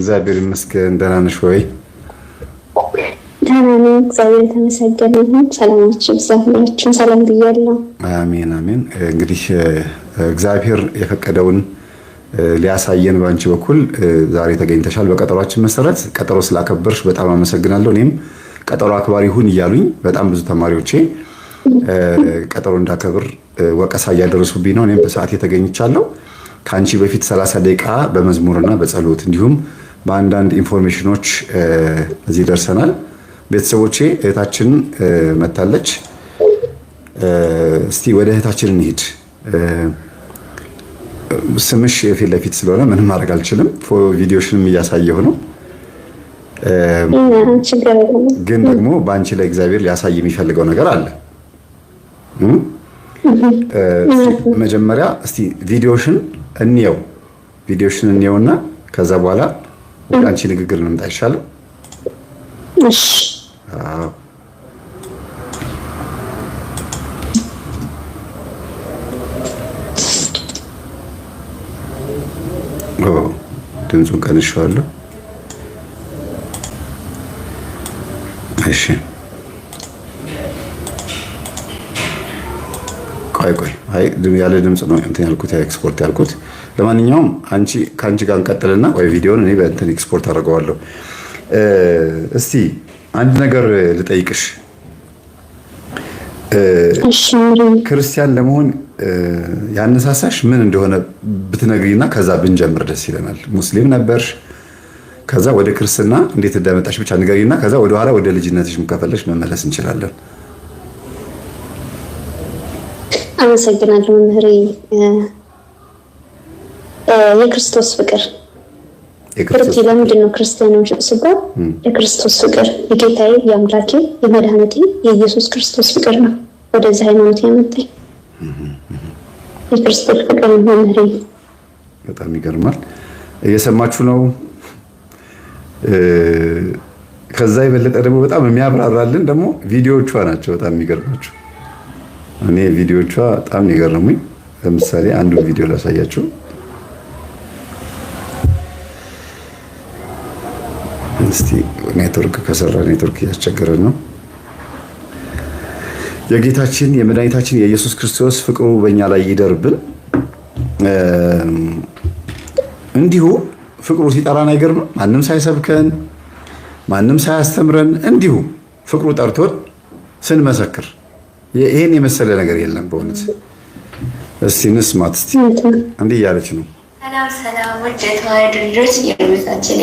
እግዚአብሔር ይመስገን። ደህና ነሽ ወይ? ደህና ነኝ፣ እግዚአብሔር የተመሰገነ ይሁን። ሰላማችሁ እግዚአብሔራችን ሰላም ብያለሁ። አሜን አሜን። እንግዲህ እግዚአብሔር የፈቀደውን ሊያሳየን በአንቺ በኩል ዛሬ ተገኝተሻል። በቀጠሯችን መሰረት ቀጠሮ ስላከበርሽ በጣም አመሰግናለሁ። እኔም ቀጠሮ አክባሪ ሁን እያሉኝ በጣም ብዙ ተማሪዎቼ ቀጠሮ እንዳከብር ወቀሳ እያደረሱብኝ ነው። እኔም በሰዓት የተገኝቻለሁ። ከአንቺ በፊት ሰላሳ ደቂቃ በመዝሙርና በጸሎት እንዲሁም በአንዳንድ ኢንፎርሜሽኖች እዚህ ደርሰናል። ቤተሰቦቼ እህታችን መታለች። እስቲ ወደ እህታችን እንሂድ። ስምሽ የፊት ለፊት ስለሆነ ምንም ማድረግ አልችልም። ቪዲዮሽንም እያሳየሁ ነው፣ ግን ደግሞ በአንቺ ላይ እግዚአብሔር ሊያሳይ የሚፈልገው ነገር አለ። መጀመሪያ እስቲ ቪዲዮሽን እንየው፣ ቪዲዮሽን እንየውና ከዛ በኋላ ወደ አንቺ ንግግር እንምጣ አይሻልም? እሺ። አዎ ድምፁን ቀንሼዋለሁ። እሺ ቆይ ቆይ፣ አይ ያለ ድምጽ ነው እንትን ያልኩት ኤክስፖርት ያልኩት። ለማንኛውም አንቺ ከአንቺ ጋር እንቀጥልና ወይ ቪዲዮን እኔ በእንትን ኤክስፖርት አደርገዋለሁ። እስቲ አንድ ነገር ልጠይቅሽ። ክርስቲያን ለመሆን ያነሳሳሽ ምን እንደሆነ ብትነግሪና ከዛ ብንጀምር ደስ ይለናል። ሙስሊም ነበርሽ፣ ከዛ ወደ ክርስትና እንዴት እንደመጣሽ ብቻ ንገሪና ከዛ ወደኋላ ወደ ልጅነትሽ ከፈለሽ መመለስ እንችላለን። አመሰግናለሁ መምህሬ። የክርስቶስ ፍቅር ፍርድ ለምንድን ነው ክርስቲያኖች ስባል የክርስቶስ ፍቅር የጌታዬ የአምላኬ የመድኃኒቴ የኢየሱስ ክርስቶስ ፍቅር ነው ወደዚህ ሃይማኖት ያመጣኝ የክርስቶስ ፍቅር መምህሬ። በጣም ይገርማል። እየሰማችሁ ነው። ከዛ የበለጠ ደግሞ በጣም የሚያብራራልን ደግሞ ቪዲዮቿ ናቸው። በጣም የሚገርማቸው እኔ ቪዲዮቿ በጣም የገረሙኝ። ለምሳሌ አንዱን ቪዲዮ ላሳያችሁ። እስቲ ኔትወርክ ከሰራ ኔትወርክ እያስቸገረን ነው። የጌታችን የመድኃኒታችን የኢየሱስ ክርስቶስ ፍቅሩ በእኛ ላይ ይደርብን። እንዲሁ ፍቅሩ ሲጠራን አይገርምም? ማንም ሳይሰብከን ማንም ሳያስተምረን እንዲሁ ፍቅሩ ጠርቶን ስንመሰክር ይሄን የመሰለ ነገር የለም በእውነት። እስቲ ንስማት፣ እስቲ እንዲህ እያለች ነው። ሰላም ሰላም፣ ውድ የተዋህዱ ልጆች የእመቤታችን